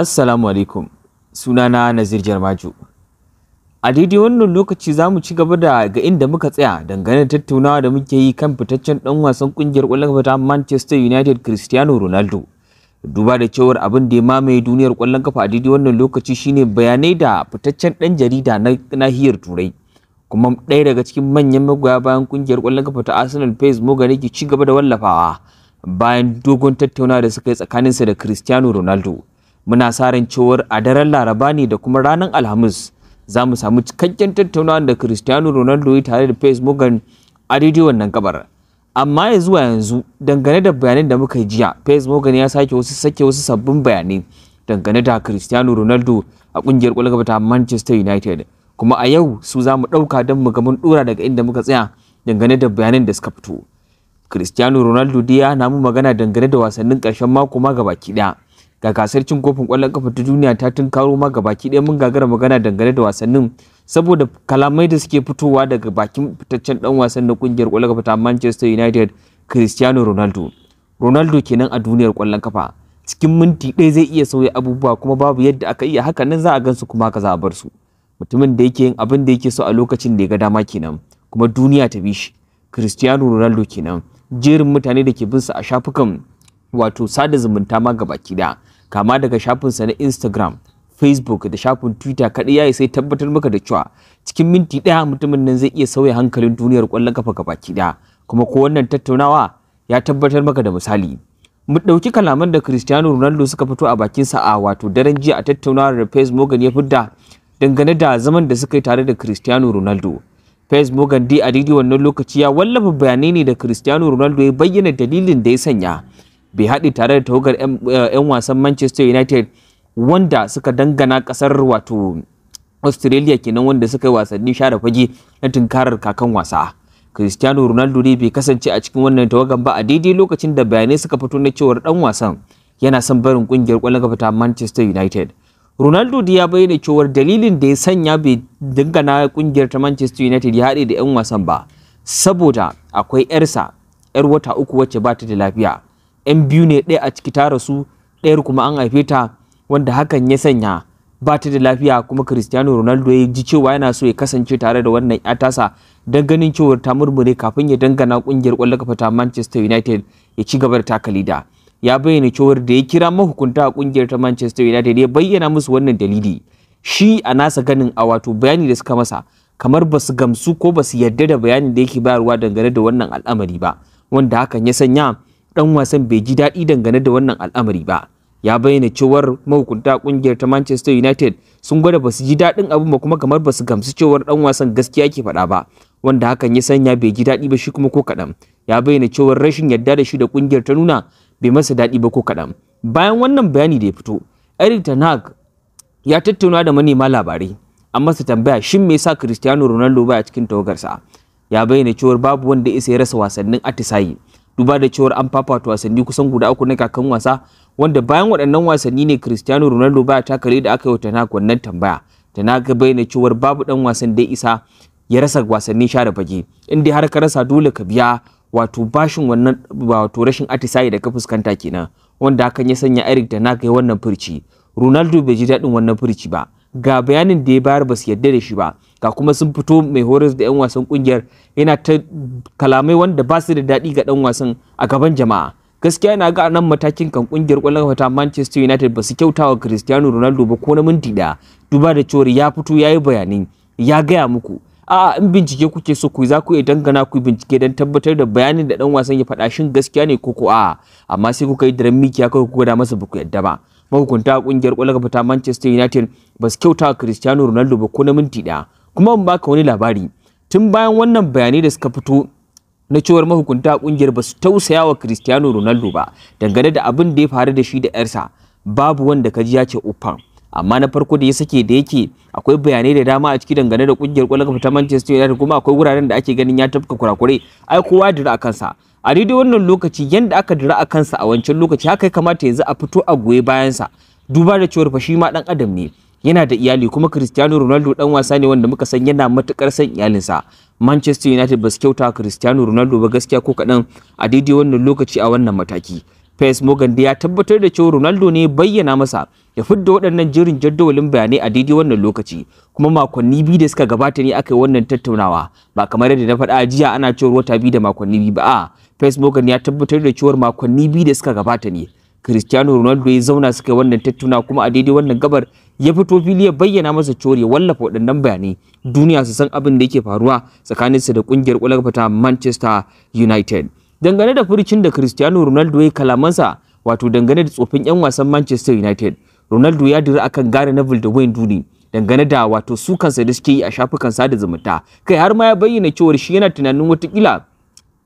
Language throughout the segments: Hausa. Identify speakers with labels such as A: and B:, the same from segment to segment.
A: Assalamu alaikum sunana Nazir Jarmaju. A daidai wannan lokaci za mu ci gaba da ga inda muka tsaya dangane da tattaunawa da muke yi kan fitaccen ɗan wasan ƙungiyar ƙwallon kafa ta Manchester United Cristiano Ronaldo. Duba da cewar abin da ya mamaye duniyar ƙwallon kafa a daidai wannan lokaci shine bayanai da fitaccen ɗan jarida na nahiyar Turai. Kuma ɗaya daga cikin manyan magoya bayan ƙungiyar ƙwallon kafa ta Arsenal Fez Morgan ke ci gaba da wallafawa bayan dogon tattaunawa da suka yi tsakaninsa da Cristiano Ronaldo. muna sa ran cewar a daren laraba ne da kuma ranar alhamis za mu samu cikakken tattaunawa da cristiano ronaldo ya tare da face morgan a rediyon wannan gabar amma ya zuwa yanzu dangane da bayanan da muka jiya face morgan ya sake wasu sake wasu sabbin bayanai dangane da cristiano ronaldo a kungiyar kwalgaba ta manchester united kuma a yau su za mu ɗauka don mu gaban ɗora daga inda muka tsaya dangane da bayanan da suka fito cristiano ronaldo dai ya namu magana dangane da wasannin karshen mako ma gabaki daya. ga gasar cin kofin kwallon kafa ta duniya ta tun karo ma ga baki ɗaya mun gagara magana dangane da wasannin saboda kalamai da suke fitowa daga bakin fitaccen dan wasan na kungiyar kwallon kafa ta Manchester United Cristiano Ronaldo Ronaldo kenan a duniyar kwallon kafa cikin minti ɗaya zai iya sauya abubuwa kuma babu yadda aka iya haka nan za a gansu kuma ka za bar su mutumin da yake yin abin da yake so a lokacin da ya ga dama kenan kuma duniya ta bi shi Cristiano Ronaldo kenan jerin mutane da ke bin sa a shafukan wato sada zumunta ma gabaki da kama daga shafinsa na instagram facebook da shafin twitter kaɗai ya sai tabbatar maka da cewa cikin minti ɗaya mutumin nan zai iya sauya hankalin duniyar ƙwallon kafa gabaki da kuma ko wannan tattaunawa ya tabbatar maka da misali mu ɗauki kalaman da cristiano ronaldo suka fito a bakinsa a wato daren jiya a tattaunawar da fez morgan ya fidda dangane da zaman da suka yi tare da cristiano ronaldo fez morgan dai a daidai wannan lokaci ya wallafa bayanai ne da cristiano ronaldo ya bayyana dalilin da ya sanya bai haɗe tare da tawagar 'yan eh, wasan manchester united wanda suka dangana ƙasar wato australia kenan wanda suka yi wasanni share fage na tunkarar kakan wasa cristiano ronaldo ne bai kasance a cikin wannan tawagan ba a daidai lokacin da bayanai suka fito na cewar dan wasan yana son barin kungiyar kwallon kafa ta manchester united ronaldo da ya bayyana cewar dalilin da ya sanya bai dangana kungiyar ta manchester united ya haɗe da 'yan wasan ba saboda akwai 'yarsa 'yar wata uku wacce ba ta da lafiya 'yan biyu ne ɗaya a ciki ta rasu ɗayar kuma an haife ta wanda hakan ya sanya ba ta da lafiya kuma cristiano ronaldo ya ji cewa yana so ya kasance tare da wannan ya tasa don ganin cewar ta murmure kafin ya dangana kungiyar kwallon kafa ta manchester united ya ci gaba da takali da ya bayyana cewar da ya kira mahukunta a kungiyar ta manchester united ya bayyana musu wannan dalili shi a nasa ganin a wato bayani da suka masa kamar ba su gamsu ko ba su yarda da bayanin da yake bayarwa dangane da wannan al'amari ba wanda hakan ya sanya dan wasan bai ji daɗi dangane da wannan al'amari ba ya bayyana cewar mahukunta kungiyar ta Manchester United sun gwada basu ji daɗin abin ba kuma kamar basu gamsu cewar dan wasan gaskiya ke faɗa ba wanda hakan ya sanya bai ji daɗi ba shi kuma ko kaɗan ya bayyana cewar rashin yarda da shi da kungiyar ta nuna bai masa daɗi ba ko kadan bayan wannan bayani da ya fito Eric Ten Hag ya tattauna da manema labarai an masa tambaya shin me yasa Cristiano Ronaldo a cikin tawagarsa ya bayyana cewar babu wanda isa ya rasa wasannin atisayi duba da cewar an fafata wasanni kusan guda uku na kakan wasa wanda bayan waɗannan wasanni ne Cristiano Ronaldo baya takare da aka yi wa wannan tambaya ta na ga bayyana cewar babu dan wasan da isa ya rasa wasannin da fage inda har ka rasa dole ka biya wato bashin wannan wato rashin atisaye da ka fuskanta kenan wanda hakan ya sanya Eric da na ya wannan furci Ronaldo bai ji daɗin wannan furci ba ga bayanin da ya bayar ba su yarda da shi ba ga kuma sun fito mai horis da 'yan wasan kungiyar yana ta kalamai wanda ba su da daɗi ga dan wasan a gaban jama'a gaskiya na ga nan matakin kan kungiyar ƙwallon kafa ta Manchester United ba su kyauta wa Cristiano Ronaldo ba ko na minti da duba da cewa ya fito ya yi bayanai ya gaya muku a in bincike kuke so ku za ku iya dangana ku bincike don tabbatar da bayanin da dan wasan ya faɗa shin gaskiya ne ko ko amma sai kuka yi daren mikiya kawai ku gwada masa ba ku yadda ba mahukunta kungiyar ƙwallon kafa ta Manchester United ba su kyauta Cristiano Ronaldo ba ko na minti ɗaya kuma in baka wani labari tun bayan wannan bayanai da suka fito na cewar mahukunta kungiyar ba su tausaya wa Cristiano Ronaldo ba dangane da abin da ya faru da shi da yarsa babu wanda kaji ya ce uffan amma na farko da ya sake da yake akwai bayanai da dama a ciki dangane da kungiyar kwallon kafa ta Manchester United kuma akwai wuraren da ake ganin ya tafka kurakurai ai kowa dira a kansa a daidai wannan lokaci yanda aka dira a kansa a wancan lokaci haka ya kamata yanzu a fito a goye bayansa duba da cewar fa shi ma dan adam ne yana da iyali kuma Cristiano Ronaldo dan wasa ne wanda muka san yana matukar san iyalinsa Manchester United ba su kyauta Cristiano Ronaldo ba gaskiya ko kadan a daidai wannan lokaci a wannan mataki Pes Morgan ya tabbatar da cewa Ronaldo ne bayyana masa ya fidda waɗannan jirin jadawalin bayanai a daidai wannan lokaci kuma makonni biyu da suka gabata ne aka yi wannan tattaunawa ba kamar yadda na faɗa jiya ana cewa wata biyu da makonni biyu ba a Pes Morgan ya tabbatar da cewa makonni biyu da suka gabata ne Cristiano Ronaldo ya zauna suka wannan tattuna kuma a daidai wannan gabar ya fito fili ya bayyana masa cewa ya wallafa waɗannan bayanai duniya su san abin da yake faruwa tsakanin sa da kungiyar ƙwallon kafa Manchester United. Dangane da furucin da Cristiano Ronaldo ya kalamansa wato dangane da tsofin 'yan wasan Manchester United, Ronaldo ya dira akan Gary Neville da Wayne Rooney dangane da wato su kansa da suke yi a shafukan sada zumunta kai har ma ya bayyana cewa shi yana tunanin watakila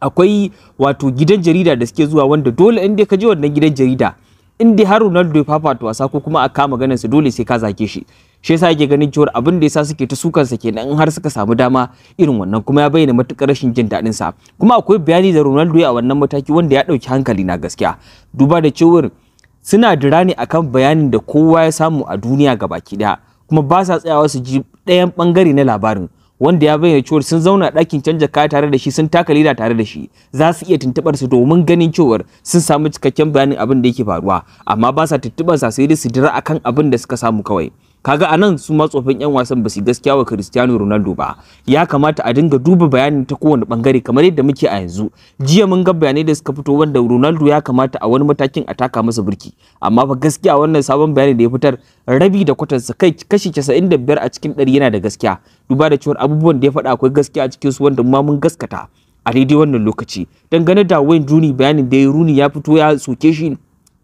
A: akwai wato gidan jarida da suke zuwa wanda dole inda dai ka je wannan gidan jarida in dai har Ronaldo ya fafata wasa ko kuma a kama ganin sa dole sai ka zake shi shi yasa yake ganin cewa abin da yasa suke ta sukan sa kenan in har suka samu dama irin wannan kuma ya bayyana matukar rashin jin daɗin sa kuma akwai bayani da Ronaldo ya a wannan mataki wanda ya dauki hankali na gaskiya duba da cewar suna dira ne akan bayanin da kowa ya samu a duniya gabaki daya kuma ba sa tsayawa su ji ɗayan bangare na labarin wanda ya bayyana cewar sun zauna dakin canja kaya tare da shi sun taka leda tare da shi za su iya tuntuɓar su domin ganin cewar sun samu cikakken bayanin abin da yake faruwa amma ba sa tuntuɓar sa sai dai su dira akan abin da suka samu kawai kaga anan su ma tsofin yan wasan ba su gaskiya wa Cristiano Ronaldo ba ya kamata a dinga duba bayanin ta kowane bangare kamar yadda muke a yanzu jiya mun ga bayanai da suka fito wanda Ronaldo ya kamata a wani matakin a taka masa burki amma fa gaskiya wannan sabon bayani da ya fitar rabi da kwatansa kai kashi 95 a cikin 100 yana da gaskiya duba da cewa abubuwan da ya faɗa akwai gaskiya a cikin su wanda ma mun gaskata a daidai wannan lokaci dangane da Wayne Rooney bayanin da ya runi ya fito ya soke shi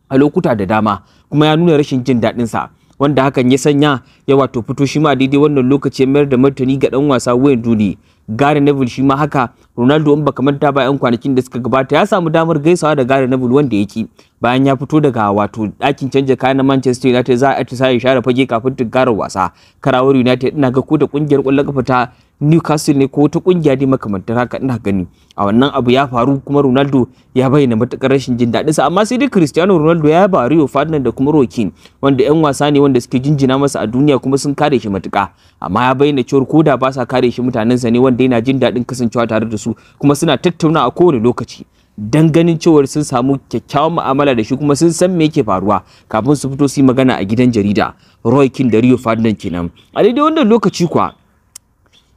A: a lokuta da dama kuma ya nuna rashin jin daɗin sa wanda hakan ya sanya ya wato fito shi ma daidai wannan lokaci mayar da martani ga dan wasa Wayne Rooney Gary Neville shi ma haka Ronaldo in baka manta ba yan kwanakin da suka gabata ya samu damar gaisawa da Gary Neville wanda ya ki bayan ya fito daga wato dakin canja kayan na Manchester United za a ci sai share fage kafin tunkarar wasa Karawar United ina ga ko da kungiyar ƙwallon kafa ta Newcastle ne ko wata kungiya dai makamantar haka ina gani a wannan abu ya faru kuma Ronaldo ya bayyana matakar rashin jin daɗin sa amma sai dai Cristiano Ronaldo ya ba Rio Ferdinand da kuma Rokin wanda ƴan wasa ne wanda suke jinjina masa a duniya kuma sun kare shi matuka amma ya bayyana cewa ko da ba sa kare shi mutanen sa ne wanda yana jin daɗin kasancewa tare da su kuma suna tattauna a kowane lokaci dan ganin cewa sun samu kyakkyawan mu'amala da shi kuma sun san me yake faruwa kafin su fito su yi magana a gidan jarida Roy King da Rio Ferdinand kenan a daidai wannan lokaci kuwa.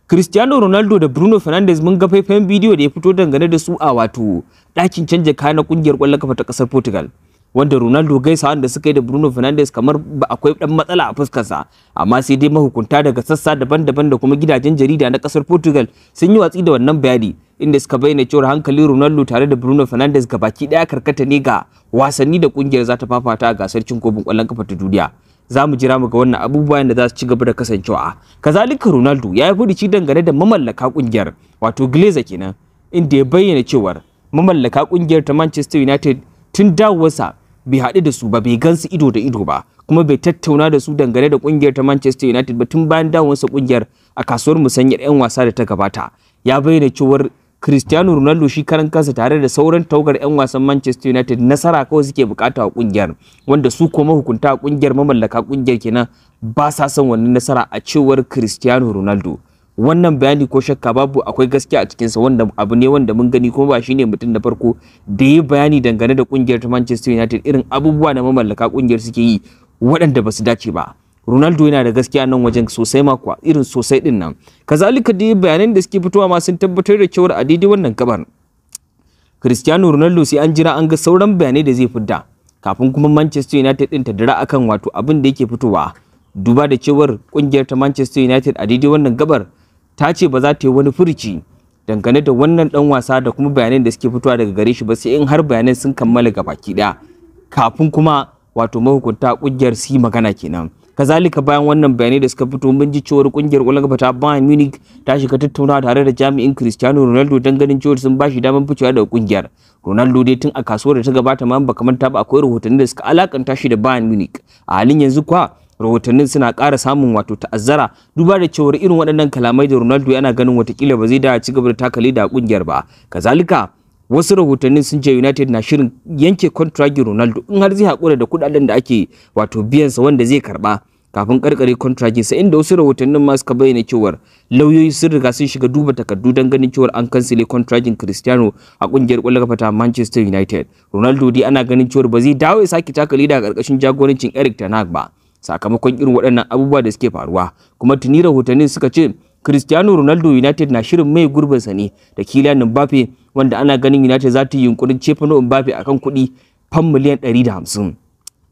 A: Cristiano Ronaldo da Bruno Fernandes mun ga faifayen bidiyo da ya fito dangane da su a wato dakin canja kaya na kungiyar ƙwallon kafa ta ƙasar Portugal. Wanda Ronaldo gaisa da suka yi da Bruno Fernandes kamar ba akwai ɗan matsala a fuskarsa, amma sai dai mahukunta daga sassa daban-daban da kuma gidajen jarida na ƙasar Portugal sun yi watsi da wannan bayani inda suka bayyana cewar hankalin Ronaldo tare da Bruno Fernandes ga baki ɗaya karkata ne ga wasanni da kungiyar za ta fafata a gasar cin kwallon kafa ta duniya. za mu jira mu ga wannan abubuwan da za su ci gaba da kasancewa kazalika ronaldo ya yi furuci dangane da mamallaka kungiyar wato glazer kenan inda ya bayyana cewar mamallaka kungiyar ta manchester united tun dawowarsa bai haɗu da su ba bai gansu ido da ido ba kuma bai tattauna da su dangane da kungiyar ta manchester united ba tun bayan dawowarsa kungiyar a kasuwar musanyar 'yan wasa da ta gabata ya bayyana cewar cristiano ronaldo shi karan kansa tare da sauran taugar 'yan wasan manchester united nasara kawai suke bukata a kungiyar wanda su kuma hukunta a kungiyar mamallaka kungiyar kenan ba sa son wannan nasara a cewar cristiano ronaldo wannan bayani ko shakka babu akwai gaskiya a cikinsa wanda abu ne wanda mun gani kuma ba shi ne mutum na farko da ya bayani dangane da kungiyar ta Manchester United irin abubuwa na mamallaka kungiyar suke yi waɗanda ba su dace ba Ronaldo yana da gaskiya nan wajen sosai ma kuwa irin sosai din nan kazalika dai bayanan da suke fitowa ma sun tabbatar da cewa a daidai wannan gabar Cristiano Ronaldo sai an jira an ga sauran bayanai da zai fidda kafin kuma Manchester United din ta dira akan wato abin da yake fitowa duba da cewar kungiyar ta Manchester United a daidai wannan gabar ta ce ba za ta yi wani furuci dangane da wannan dan wasa da kuma bayanan da suke fitowa daga gare shi ba sai in har bayanan sun kammala gabaki daya kafin kuma wato mahukunta kungiyar su yi magana kenan kazalika bayan wannan bayanai da suka fito mun ji cewar kungiyar ƙwallon kafa ta Bayern Munich ta shiga tattaunawa tare da jami'in Cristiano Ronaldo don ganin cewar sun bashi damar ficewa daga kungiyar Ronaldo dai tun a kasuwar da ta gabata ma ba kamar ta ba akwai rahotanni da suka alakanta shi da Bayern Munich a halin yanzu kuwa rahotannin suna ƙara samun wato ta'azzara duba da cewar irin waɗannan kalamai da Ronaldo yana ganin watakila ba zai da ci gaba da takale a kungiyar ba kazalika wasu rahotanni sun ce united na shirin yanke kontragi ronaldo in har zai haƙura da kuɗaɗen da ake wato biyansa wanda zai karba. kafin karkare kontragi sa inda wasu rahotannin ma suka bayyana cewar lauyoyi sun riga sun shiga duba takardu don ganin cewar an kansile kontragin cristiano a kungiyar kwallon kafa ta manchester united ronaldo dai ana ganin cewar ba zai dawo ya sake taka leda a karkashin jagorancin eric tanag ba sakamakon irin waɗannan abubuwa da suke faruwa kuma tuni rahotannin suka ce cristiano ronaldo united na shirin mai gurbinsa ne da kylian mbappe wanda ana ganin United za ta yi yunkurin cefano Mbappe akan kuɗi fan miliyan 150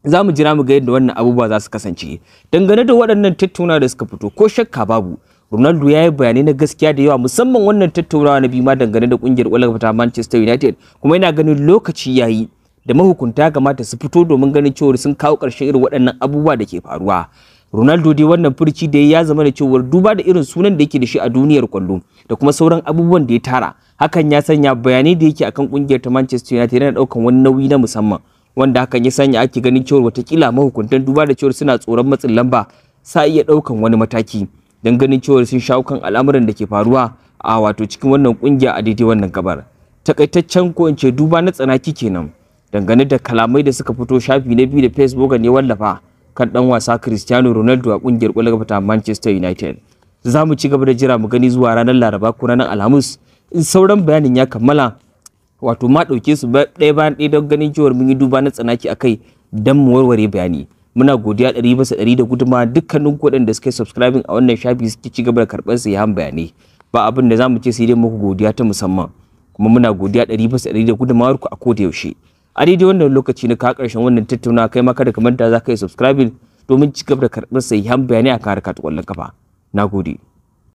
A: za mu jira mu ga yadda wannan abubuwa za su kasance dangane da waɗannan tattaunawa da suka fito ko shakka babu Ronaldo ya yi bayanai na gaskiya da yawa musamman wannan tattaunawa na biyu ma dangane da kungiyar ƙwallon ta Manchester United kuma yana ganin lokaci ya yi da mahukunta kamata su fito domin ganin cewa sun kawo ƙarshen irin waɗannan abubuwa da ke faruwa Ronaldo dai wannan furci da ya zama da cewar duba da irin sunan da yake da shi a duniyar kwallo da kuma sauran abubuwan da ya tara hakan ya sanya bayanai da yake akan kungiyar ta Manchester United yana daukan wani nauyi na musamman wanda hakan ya sanya ake ganin cewar watakila mahukuntan duba da cewar suna tsoron matsin lamba sa iya daukan wani mataki don ganin cewar sun shawo kan al'amuran da ke faruwa a wato cikin wannan kungiya a daidai wannan gabar takaitaccen ko in ce duba na tsanaki kenan dangane da kalamai da suka fito shafi na biyu da Facebook ne wallafa kan dan wasa Cristiano Ronaldo a kungiyar kwallon kafa ta Manchester United. Za mu ci gaba da jira mu gani zuwa ranar Laraba ko ranar Alhamis in sauran bayanin ya kammala wato ma dauke su ɗaya bayan ɗaya don ganin cewar mun yi duba na tsanaki a kai don mu warware bayani. Muna godiya ɗari bisa ɗari da guduma dukkanin waɗanda da suke subscribing a wannan shafi suke ci gaba da karɓar su yahan bayanai. Ba abin da za mu ce sai dai muku godiya ta musamman. Kuma muna godiya ɗari bisa ɗari da gudumawar ku a koda yaushe. a daidai wannan lokaci na ka karshen wannan tattauna kai maka da kamar da za ka yi subscribing domin ci gaba da karɓar sahihan bayanai a kare kwallon kafa na gode